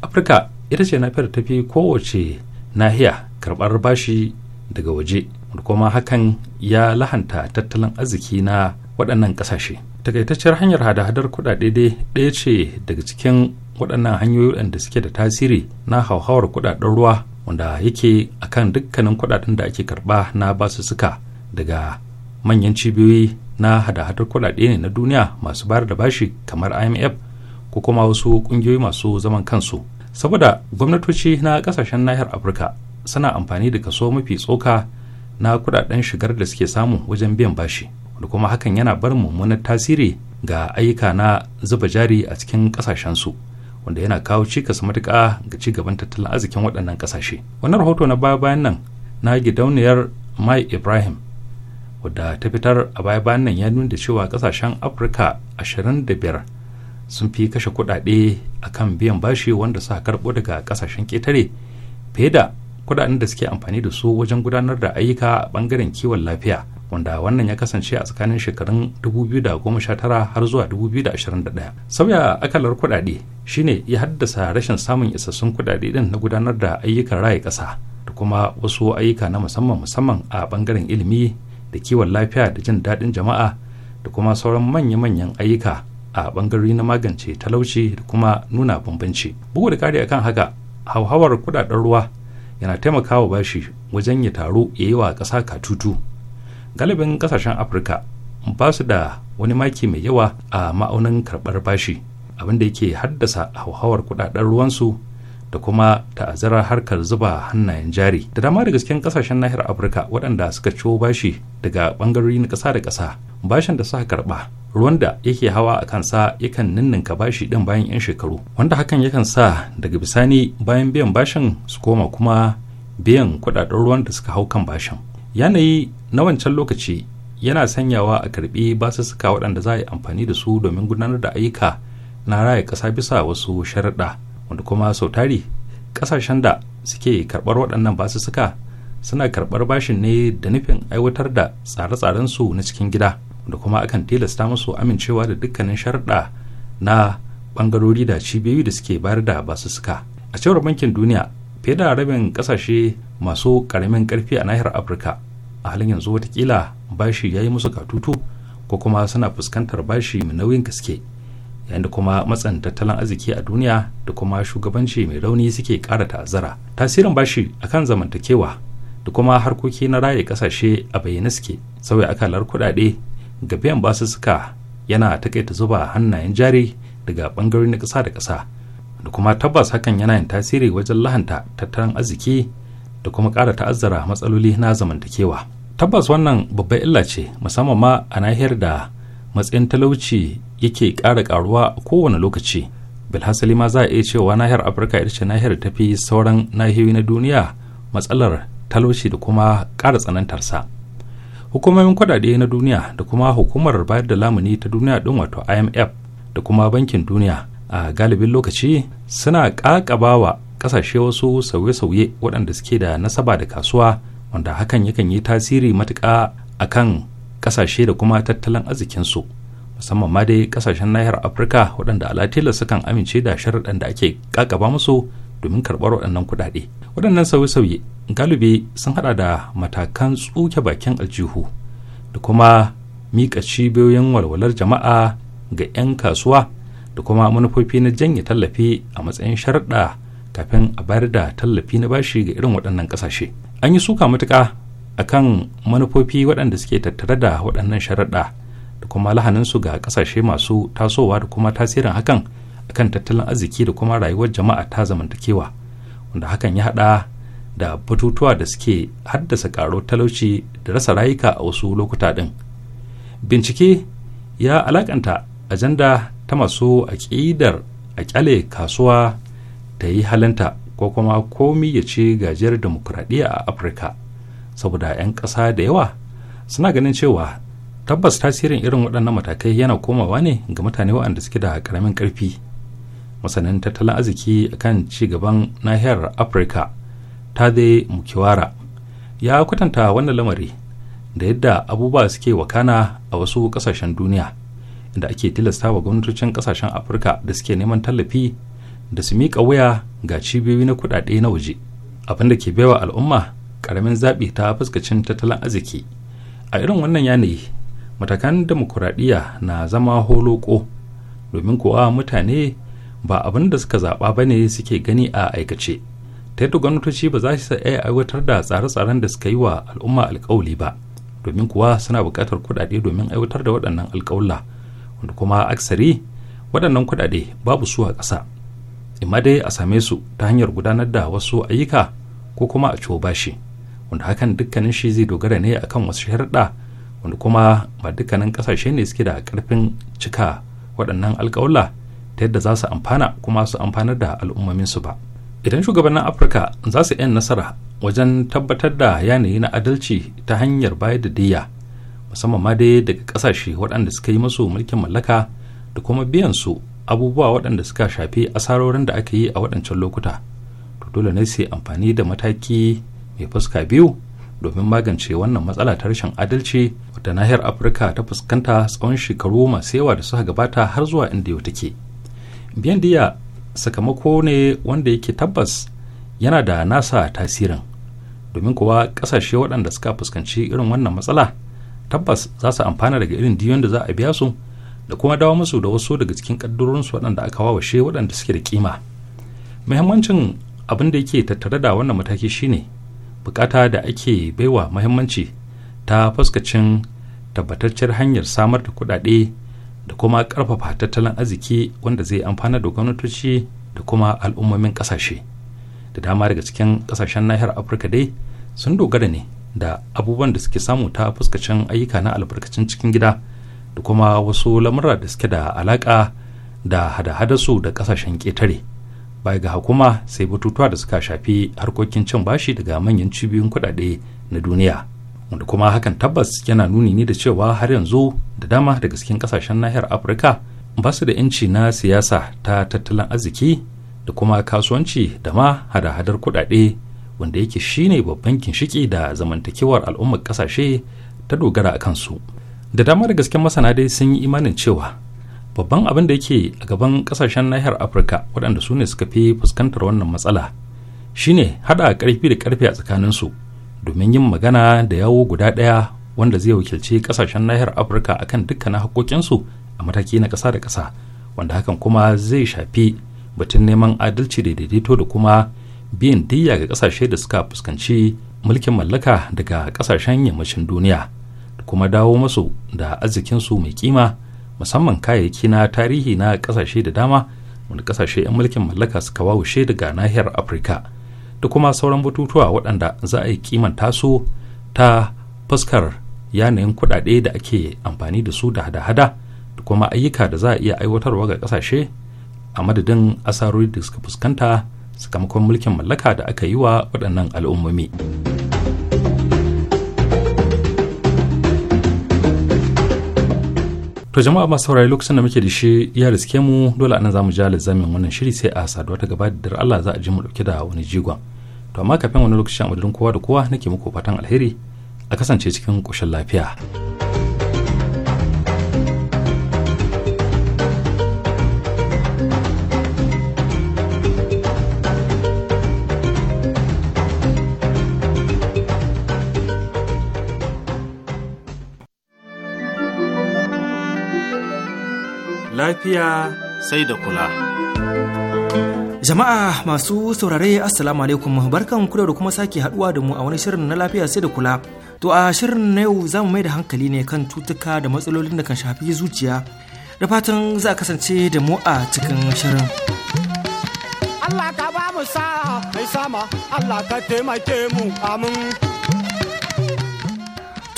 afirka ita ce nafiyar tafi kowace nahiya karɓar bashi daga waje da kuma hakan ya lahanta tattalin arziki na waɗannan ƙasashe takaitacciyar hanyar hada-hadar kuɗaɗe dai ɗaya ce daga cikin waɗannan hanyoyi waɗanda suke da tasiri na hauhawar kuɗaɗen ruwa wanda yake akan dukkanin kuɗaɗen da ake karɓa na basu basussuka daga manyan cibiyoyi na hada-hadar kuɗaɗe ne na duniya masu bayar da bashi kamar imf ko kuma wasu ƙungiyoyi masu zaman kansu saboda gwamnatoci na ƙasashen nahiyar afirka suna amfani da kaso mafi tsoka na kuɗaɗen shigar da suke samu wajen biyan bashi wanda kuma hakan yana bar mummunar tasiri ga ayyuka na zuba jari a cikin ƙasashensu wanda yana kawo cikas matuka ga ci gaban tattalin arzikin waɗannan ƙasashe wannan rahoto na baya bayan nan na gidauniyar mai ibrahim wadda ta fitar a baya bayan nan ya nuna cewa kasashen afirka 25 sun fi kashe kudade akan biyan bashi wanda suka karbo daga kasashen ketare fiye da kudaden da suke amfani da su wajen gudanar da ayyuka a bangaren kiwon lafiya wanda wannan ya kasance a tsakanin shekarun 2019 har zuwa 2021 sauya akalar kudade shine ya haddasa rashin samun isassun kudade din na gudanar da ayyukan raya kasa da kuma wasu ayyuka na musamman musamman a bangaren ilimi da kiwon lafiya da jin daɗin jama'a da kuma sauran manya-manyan ayyuka a bangarori na magance talauci da kuma nuna bambanci bugu da ƙari akan haka hauhawar kuɗaɗen ruwa yana taimakawa bashi wajen ya taru ya yi wa ƙasa katutu galibin ƙasashen afirka ba su da wani maki mai yawa a ma'aunin karɓar bashi abin da yake haddasa hauhawar kudaden ruwansu da kuma ta'azzarar harkar zuba hannayen jari da dama da gasken kasashen nahiyar afirka waɗanda suka ciwo bashi daga ɓangarori na ƙasa da ƙasa bashin da suka karɓa ruwan da yake hawa a kansa yakan ninninka bashi ɗin bayan 'yan shekaru wanda hakan yakan sa daga bisani bayan biyan bashin su koma kuma biyan kuɗaɗen ruwan da suka hau kan bashin yanayi na wancan lokaci yana sanyawa a karɓi basussuka waɗanda za a yi amfani da su domin gudanar da ayyuka na raya ƙasa bisa wasu sharaɗa wanda kuma sau tari kasashen da suke karbar waɗannan basussuka suna karbar bashin ne da nufin aiwatar da tsare tsaren su na cikin gida da kuma akan tilasta musu amincewa da dukkanin sharɗa na bangarori da cibiyoyi da suke bayar da basussuka a cewar bankin duniya fiye da rabin kasashe masu ƙaramin karfi a nahiyar afirka a halin yanzu watakila bashi ya yi musu katutu ko kuma suna fuskantar bashi mai nauyin gaske yayin da kuma matsan tattalin arziki a duniya da kuma shugabanci mai rauni suke ƙara ta'azzara tasirin bashi akan zamantakewa da kuma harkoki na raye kasashe a bayyane suke sauya akalar kuɗaɗe ga biyan basussuka yana takaita zuba hannayen jari daga ɓangarori na ƙasa da ƙasa da kuma tabbas hakan yana yin tasiri wajen lahanta tattalin arziki da kuma ƙara ta'azzara matsaloli na zamantakewa tabbas wannan babbar illa ce musamman ma a nahiyar da matsayin talauci yake ƙara ƙaruwa a kowane lokaci bilhassali ma za a iya cewa nahiyar afirka ita ce nahiyar ta fi sauran nahiyoyi na duniya matsalar talauci da kuma ƙara tsanantarsa hukumomin kwadade na duniya da kuma hukumar bayar da lamuni ta duniya ɗin wato imf da kuma bankin duniya a galibin lokaci suna ƙaƙabawa ƙasashe wasu sauye-sauye waɗanda suke da nasaba da kasuwa wanda hakan yakan yi tasiri matuƙa akan ƙasashe da kuma tattalin arzikinsu. musamman ma dai kasashen nahiyar afirka waɗanda alatila sukan amince da sharaɗan da ake kakaba musu domin karɓar waɗannan kuɗaɗe waɗannan sauye-sauye galibi sun haɗa da matakan tsuke bakin aljihu da kuma miƙa cibiyoyin walwalar jama'a ga 'yan kasuwa da kuma manufofi na janye tallafi a matsayin sharaɗa kafin a bayar da tallafi na bashi ga irin waɗannan ƙasashe an yi suka matuƙa akan manufofi waɗanda suke tattare da waɗannan sharaɗa kuma lahaninsu ga kasashe masu tasowa da kuma tasirin hakan akan tattalin arziki da kuma rayuwar jama'a ta zamantakewa wanda hakan ya hada da batutuwa da suke haddasa karo talauci da rasa rayuka a wasu lokuta din bincike ya alakanta ajanda ta masu aƙidar a kyale kasuwa ta yi halinta ko kuma komi ya ce gajiyar demokuraɗiyya a afirka saboda 'yan ƙasa da yawa suna ganin cewa tabbas tasirin irin waɗannan matakai yana komawa ne ga mutane waɗanda suke da ƙaramin ƙarfi masanin tattalin arziki akan ci gaban nahiyar afirka ta zai mukiwara ya kwatanta wannan lamari da yadda abubuwa suke wakana a wasu ƙasashen duniya inda ake tilasta wa gwamnatocin ƙasashen afirka da suke neman tallafi da su miƙa wuya ga cibiyoyi na kuɗaɗe na waje abin da ke baiwa al'umma ƙaramin zaɓi ta fuskacin tattalin arziki a irin wannan yanayi matakan demokuraɗiyya na zama holoko domin kuwa mutane ba abin da suka zaɓa ba ne suke gani a aikace ta yadda gwamnatoci ba za su iya aiwatar da tsare-tsaren da suka yi wa al'umma alkawali ba domin kuwa suna buƙatar kuɗaɗe domin aiwatar da waɗannan alkawula wanda kuma aksari waɗannan kuɗaɗe babu su a ƙasa imma dai a same su ta hanyar gudanar da wasu ayyuka ko kuma a ciwo bashi wanda hakan dukkanin shi zai dogara ne akan wasu sharɗa wanda kuma ba dukkanin kasashe ne suke da karfin cika waɗannan alkawalla ta yadda za su amfana kuma su amfanar da su ba idan shugabannin afirka za su yan nasara wajen tabbatar da yanayi na adalci ta hanyar bayar da diya musamman ma dai daga kasashe waɗanda suka yi musu mulkin mallaka da kuma biyan su abubuwa waɗanda suka shafi asarorin da aka yi a waɗancan lokuta to dole ne sai amfani da mataki mai fuska biyu domin magance wannan matsala ta rashin adalci wata nahiyar afirka ta fuskanta tsawon shekaru masu yawa da suka gabata har zuwa inda yau take biyan diya sakamako ne wanda yake tabbas yana da nasa tasirin domin kuwa kasashe waɗanda suka fuskanci irin wannan matsala tabbas za su amfana daga irin diyon da za a biya su da kuma dawo musu da wasu daga cikin ƙaddarorinsu waɗanda aka wawashe waɗanda suke da kima muhimmancin abin da yake tattare da wannan mataki shine bukata da ake baiwa muhimmanci ta fuskacin tabbataccen hanyar samar da kudade da kuma karfafa tattalin arziki wanda zai amfana da gwamnatoci da kuma al'ummomin kasashe da dama daga cikin ƙasashen nahiyar afirka dai sun dogara ne da abubuwan da suke samu ta fuskacin ayyuka na albarkacin cikin gida da kuma wasu lamura da suke da alaka da hada-hadasu da ƙasashen ƙetare. baya ga hukuma sai batutuwa da suka shafi harkokin cin bashi daga manyan cibiyoyin kudade na duniya wanda kuma hakan tabbas yana nuni ne da cewa har yanzu da dama daga cikin kasashen nahiyar afirka ba su da yanci na siyasa ta tattalin arziki da kuma kasuwanci da ma hada-hadar kudade wanda yake shine babban ginshiki da zamantakewar al'ummar kasashe ta dogara a kansu da dama da gasken masana dai sun yi imanin cewa babban abin da yake a gaban kasashen nahiyar afirka waɗanda su ne suka fi fuskantar wannan matsala shine haɗa ƙarfi da ƙarfe a tsakaninsu domin yin magana da yawo guda ɗaya wanda zai wakilci kasashen nahiyar afirka akan dukkanin haƙoƙinsu a mataki na ƙasa da ƙasa wanda hakan kuma zai shafi batun neman adalci da daidaito da kuma biyan diyya ga kasashe da suka fuskanci mulkin mallaka daga ƙasashen yammacin duniya da kuma dawo masu da arzikinsu mai kima musamman kayayyaki na tarihi na kasashe da dama wanda kasashe 'yan mulkin mallaka suka wawushe daga nahiyar afirka da kuma sauran batutuwa waɗanda za a yi kimanta su ta fuskar yanayin kuɗaɗe da ake amfani da su da hada-hada da kuma ayyuka da za a iya aiwatarwa ga kasashe a madadin asarori da suka fuskanta sakamakon mulkin mallaka da aka yi wa waɗannan al'ummomi. to jama'a masu saurari lokacin da muke da shi ya riske mu dole anan mu ji alzamin wannan shiri sai a saduwa ta gaba da Allah za a ji mu dauke da wani jigon to amma kafin wani lokacin a madadin kowa da kowa nake muku fatan alheri a kasance cikin koshin lafiya. lafiya sai da kula. Jama'a masu saurare Assalamu alaikum barkan ku da kuma sake haduwa da mu a wani shirin na lafiya sai da kula. To a shirin na yau za mu mai da hankali ne kan cutuka da matsalolin da kan shafi zuciya. Da fatan za a kasance da mu a cikin shirin. Allah ka ba mu sa mai sama Allah ka taimake mu amin.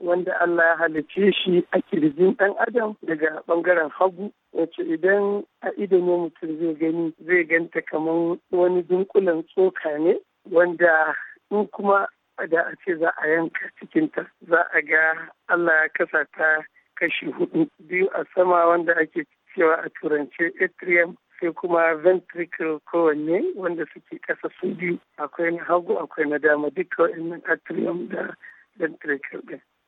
wanda Allah ya halice shi a kirjin ɗan adam daga ɓangaren hagu wacce idan a idon mutum zai gani zai ganta kamar wani dunkulen tsoka ne wanda in kuma da a ce za a yanka cikinta za a ga Allah ya kasa ta kashi hudu biyu a sama wanda ake cewa a turance atrium sai kuma ventricle kowanne wanda suke kasa su biyu akwai na hagu akwai na dama duka wa'annan atrium da ventricle din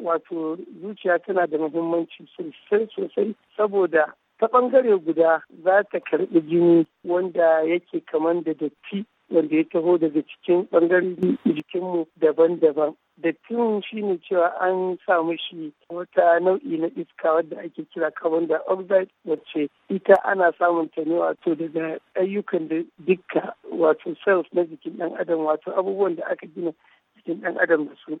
wato zuciya tana da muhimmanci sosai sosai saboda ta ɓangare guda za ta karɓi jini wanda yake kaman da datti wanda ya taho daga cikin bangare jikinmu daban-daban dattin shi ne cewa an samu shi wata nau'i na iska wadda ake kira carbon dioxide wacce ita ana samun ta ne wato daga ayyukan da dukka wato cells na jikin ɗan adam wato abubuwan da aka gina jikin ɗan adam da su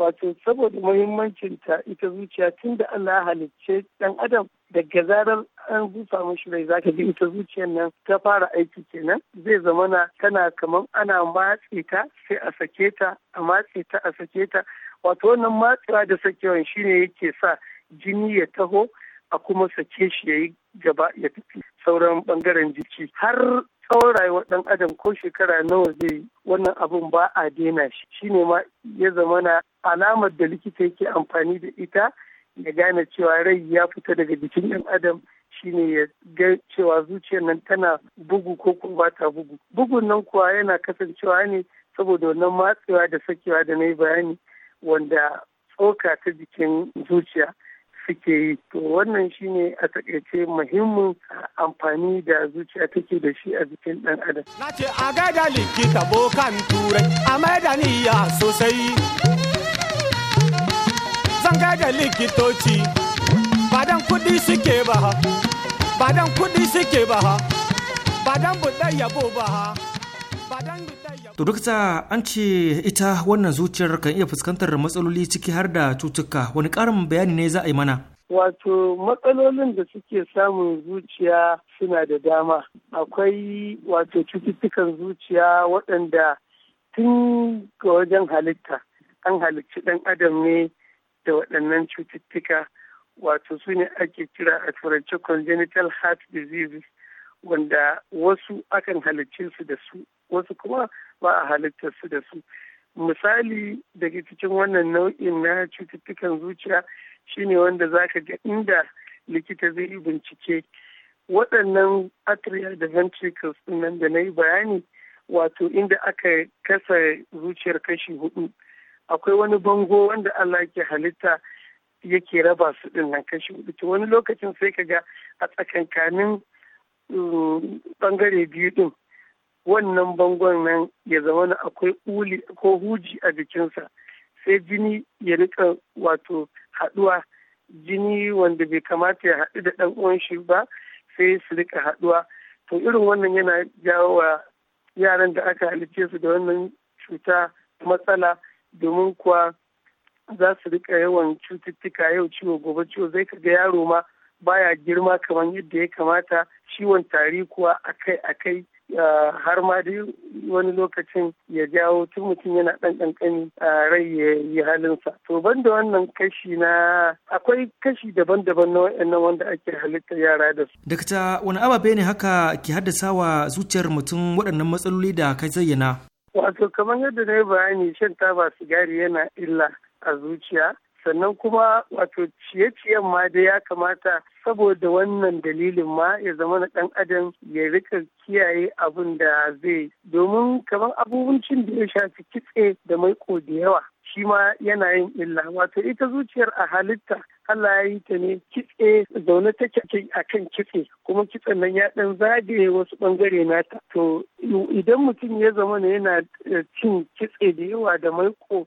wato saboda ta ita zuciya tun da Allah ya halicce dan adam daga zarar an busa mashi rai zaka ji ita zuciyar nan ta fara aiki kenan zai zama na tana kamar ana matse ta sai a sake ta a matse ta a sake ta wato wannan matsewa da sakewan shine yake sa jini ya taho a kuma sake shi ya yi gaba ya tafi sauran bangaren jiki har tsawon rayuwar dan adam ko shekara nawa zai wannan abun ba a dena shi shine ma ya zamana alamar da likita yake amfani da ita ya gane cewa rai ya fita daga jikin ɗan adam shine ya ga cewa zuciyar nan tana bugu ko kuma ba ta bugu bugun nan kuwa yana kasancewa ne saboda wannan matsewa da sakewa da na yi bayani wanda tsoka ta jikin zuciya suke yi to wannan shine a takaice muhimmin amfani da zuciya take da shi a jikin ɗan adam na ce a gaida likita bokan turai a maida niyya sosai zan gaida likitoci badan kudi suke ba badan kudi suke ba badan buɗe yabo ba To duk an ce ita wannan zuciyar kan iya fuskantar matsaloli ciki har da cutuka wani karin bayani ne za a yi mana. Wato matsalolin da suke samun zuciya suna da dama. Akwai wato cututtukan zuciya waɗanda tun ga wajen halitta an halicci ɗan adam ne da waɗannan cututtuka wato su ne ake kira a turance congenital heart diseases wanda wasu akan halicce su da su wasu kuma ba a halittar su da su misali daga cikin wannan nau'in na cututtukan zuciya shine wanda zaka ga inda likita zai yi bincike waɗannan atria da ventricles nan da na yi bayani wato inda aka kasa zuciyar kashi hudu akwai wani bango wanda Allah ke halitta yake raba su dinnan kashi hudu to wani lokacin sai ka ga a tsakankanin Mm, bangare biyu din wannan bangon nan ya zama na akwai uli ko huji a jikinsa sai jini ya rika wato haɗuwa jini wanda bai kamata ya haɗu da ɗan uwan shi ba sai su rika haduwa to irin wannan yana jawo wa yaran da aka halice su da wannan cuta matsala domin kuwa za su rika yawan cututtuka yau ciwo gobe ciwo zai ka ga yaro ma baya girma kamar yadda ya kamata ciwon tari kuwa akai-akai har ma dai wani lokacin ya jawo tun mutum yana ɗan ƙanƙani rai ya yi halinsa. To ban da wannan kashi na akwai kashi daban-daban na wa'annan wanda ake halittar yara da su. Dakta wani ababe ne haka ke haddasa wa zuciyar mutum waɗannan matsaloli da ka zayyana? Wato kamar yadda na yi bayani shan taba sigari yana illa a zuciya sannan kuma wato ciye-ciyen ma dai ya kamata saboda wannan dalilin ma ya zama na ɗan adam ya rika kiyaye abin da zai domin kamar abubuncin da ya shafi kitse da maiƙo da yawa shi ma yana yin illa wato ita zuciyar a halitta Allah ya yi ta ne kitse zaune ta take a kan kitse kuma kitsen nan ya dan zagaye wasu bangare nata to idan mutum ya zama yana eh, cin kitse da yawa da maiko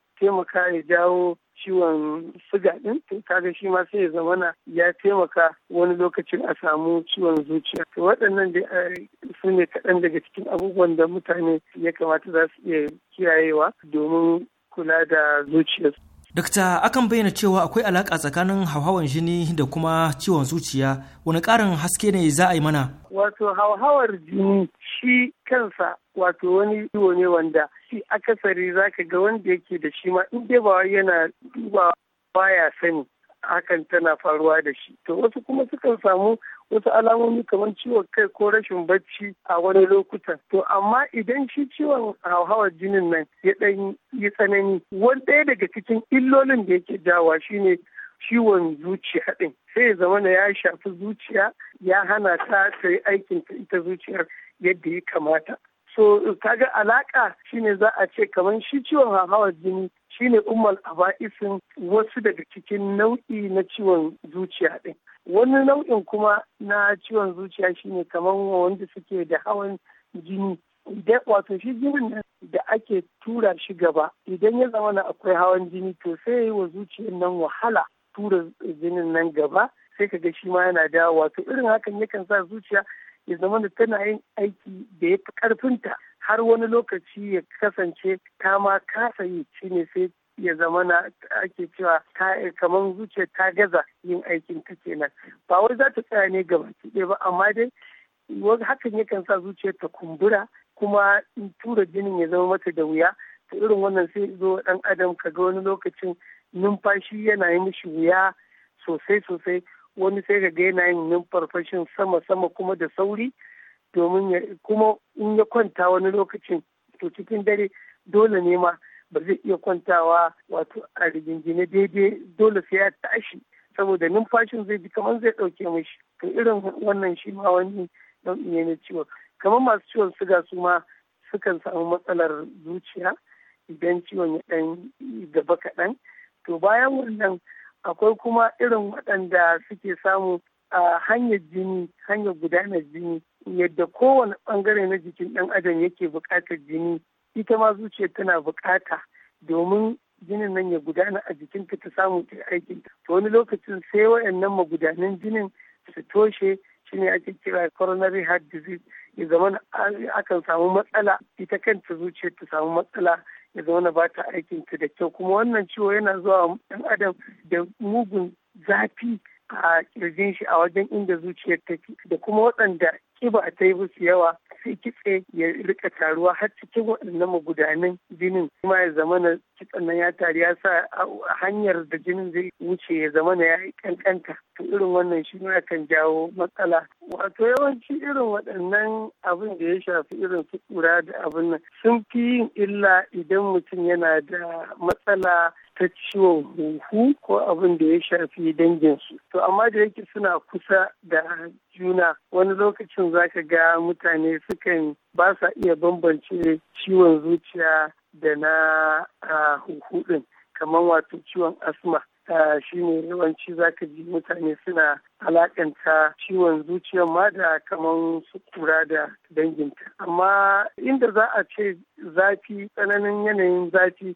taimaka ya jawo ciwon siga ɗin to kaga shi ma sai ya zamana ya taimaka wani lokacin a samu ciwon zuciya to waɗannan da eh, su ne kaɗan daga cikin abubuwan da mutane ya kamata za su iya kiyayewa domin kula da zuciyarsu Dokta akan bayyana cewa akwai alaƙa tsakanin hauhawar jini da kuma ciwon zuciya wani ƙarin haske ne za a yi mana. Wato hauhawar jini shi kansa wato wani ciwo ne wanda shi akasari ka ga wanda yake da shi ma in dai ba yana duba baya sani hakan tana faruwa da shi. To wasu kuma sukan samu wasu alamomi kamar ciwon kai ko rashin bacci a wani lokutan to amma idan shi ciwon hauhawar jinin nan ya dan yi tsanani wani ɗaya daga cikin illolin da yake jawa shine ciwon zuciya ɗin sai ya zama ya shafi zuciya ya hana ta ta yi aikin ta ita zuciyar yadda ya kamata so kaga alaka shine za a ce kamar shi ciwon hauhawar jini shine ummal aba'isin wasu daga cikin nau'i na ciwon zuciya ɗin wani nau'in kuma na ciwon zuciya shine kamar wanda suke da hawan jini idan wato shi jinin da ake tura shi gaba idan ya zama na akwai hawan jini to sai ya yi wa zuciyar nan wahala tura jinin nan gaba sai ka ga shi ma yana dawo wato irin hakan yakan sa zuciya ya zama da tana yin aiki da ya fi karfinta har wani lokaci ya kasance ta ma kasa yi shine sai ya zama na ake cewa kamar zuciya ta gaza yin aikin ta kenan ba wai za ta tsaya ne gaba ɗaya ba amma dai hakan yakan sa zuciya ta kumbura kuma in tura jinin ya zama mata da wuya ta irin wannan sai zo ɗan adam ka ga wani lokacin numfashi yana yi mishi wuya sosai sosai wani sai ga yana yin numfarfashin sama sama kuma da sauri domin kuma in ya kwanta wani lokacin to cikin dare dole ne ma ba zai iya kwantawa wato a rigingine daidai dole sai ya tashi saboda numfashin zai bi kamar zai ɗauke mishi to irin wannan shi ma wani nau'i ne na ciwon kamar masu ciwon suga su ma sukan samu matsalar zuciya idan ciwon ya dan gaba kaɗan to bayan wannan akwai kuma irin waɗanda suke samu a hanyar jini hanyar gudanar jini yadda kowane ɓangare na jikin ɗan adam yake bukatar jini ita ma zuciyar tana bukata domin jinin nan ya gudana a jikinta ta samu ta aikin to wani lokacin sai waɗannan magudanan jinin su toshe shine ake kira coronary heart disease ya zama akan samu matsala ita kanta zuciyar ta samu matsala ya zama ba ta aikin ta da kyau kuma wannan ciwo yana zuwa ɗan adam da mugun zafi a kirjin shi a wajen inda zuciyar take da kuma waɗanda kiba ta yi musu yawa sai kitse ya rika taruwa har cikin waɗannan magudanan jinin kuma ya zama na kitsen nan ya tari ya sa hanyar da jinin zai wuce ya zama na ya kankanta to irin wannan shi ne kan jawo matsala wato yawanci irin waɗannan abin da ya shafi irin su da abin nan sun fi yin illa idan mutum yana da matsala ta ciwon huhu ko abin da ya shafi danginsu. To amma da yake suna kusa da juna wani lokacin zaka ga mutane sukan ba sa iya bambance ciwon zuciya da na huhu ɗin kamar wato ciwon asma. shi ne yawanci zaka ji mutane suna alakanta ciwon zuciyar ma da kaman su kura da danginta amma inda za a ce zafi tsananin yanayin zafi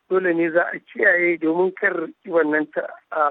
dole ne za a kiyaye domin kar wannan ta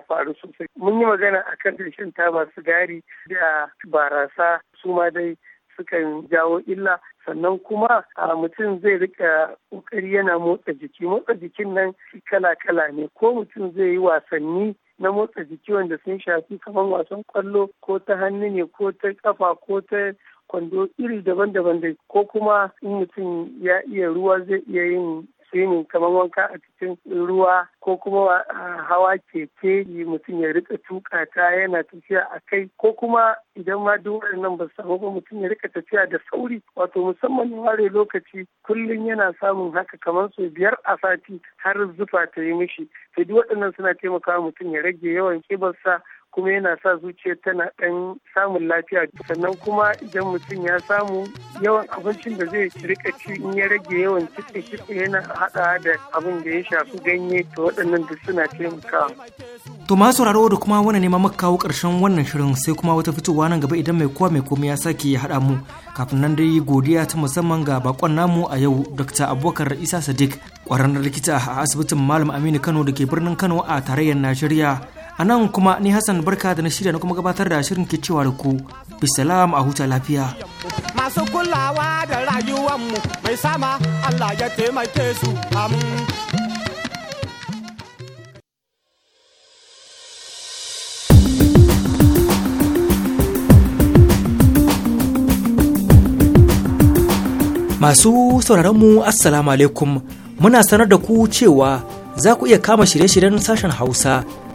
faru sosai mun yi magana a akan ta taba sigari da barasa su ma dai sukan jawo illa sannan kuma a mutum zai rika kokari yana motsa jiki motsa jikin nan kala kala ne ko mutum zai yi wasanni na motsa jiki wanda sun shafi kamar wasan kwallo ko ta hannu ne ko ta kafa ko ta kwando iri daban-daban da ko kuma in mutum ya iya ruwa zai iya yin shine kamar wanka a cikin ruwa ko kuma hawa keke mutum ya rika tuka ta yana tafiya a kai ko kuma idan ma duk waɗannan ba samu ba mutum ya rika tafiya da sauri wato musamman ware lokaci kullum yana samun haka kamar sau biyar a sati har zufa ta yi mishi sai duk waɗannan suna taimakawa mutum ya rage yawan kibarsa kuma yana sa zuciya tana ɗan samun lafiya sannan kuma idan mutum ya samu yawan abincin da zai rika ci in ya rage yawan kitse kitse yana haɗa da abin da ya shafi ganye to waɗannan duk suna taimakawa. To ma sauraro da kuma wani nema maka kawo ƙarshen wannan shirin sai kuma wata fitowa nan gaba idan mai kowa mai komai ya sake ya haɗa mu kafin nan dai godiya ta musamman ga bakon namu a yau Dr. Abubakar Isa Sadiq ƙwararren likita a asibitin Malam Aminu Kano da ke birnin Kano a tarayyar Najeriya. A nan kuma ni Hassan barka da na shirya na kuma gabatar da shirin ke cewa da ku bisalam a huta lafiya. Masu kulawa da rayuwanmu mai sama Allah ya taimake su Masu sauraronmu Assalamu alaikum muna sanar da ku cewa za ku iya kama shirye-shiryen sashen Hausa